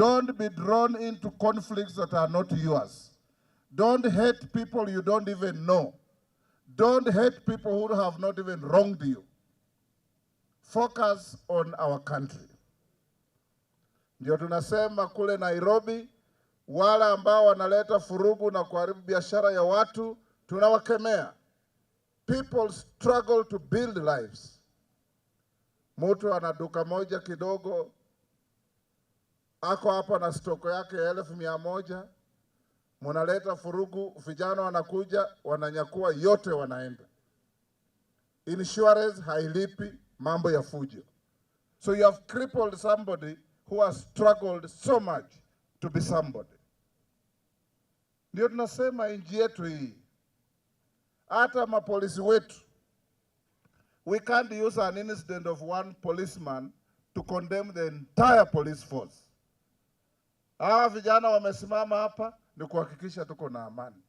Don't be drawn into conflicts that are not yours. Don't hate people you don't even know. Don't hate people who have not even wronged you. Focus on our country. Ndio tunasema kule Nairobi, wale ambao wanaleta furugu na kuharibu biashara ya watu tunawakemea. People struggle to build lives. Mtu ana duka moja kidogo ako hapa na stoko yake ya elfu mia moja mnaleta furugu, vijana wanakuja wananyakua yote, wanaenda insurance hailipi, mambo ya fujo. So you have crippled somebody who has struggled so much to be somebody. Ndio tunasema nchi yetu hii, hata mapolisi wetu, we can't use an incident of one policeman to condemn the entire police force hawa vijana wamesimama hapa ni kuhakikisha tuko na amani.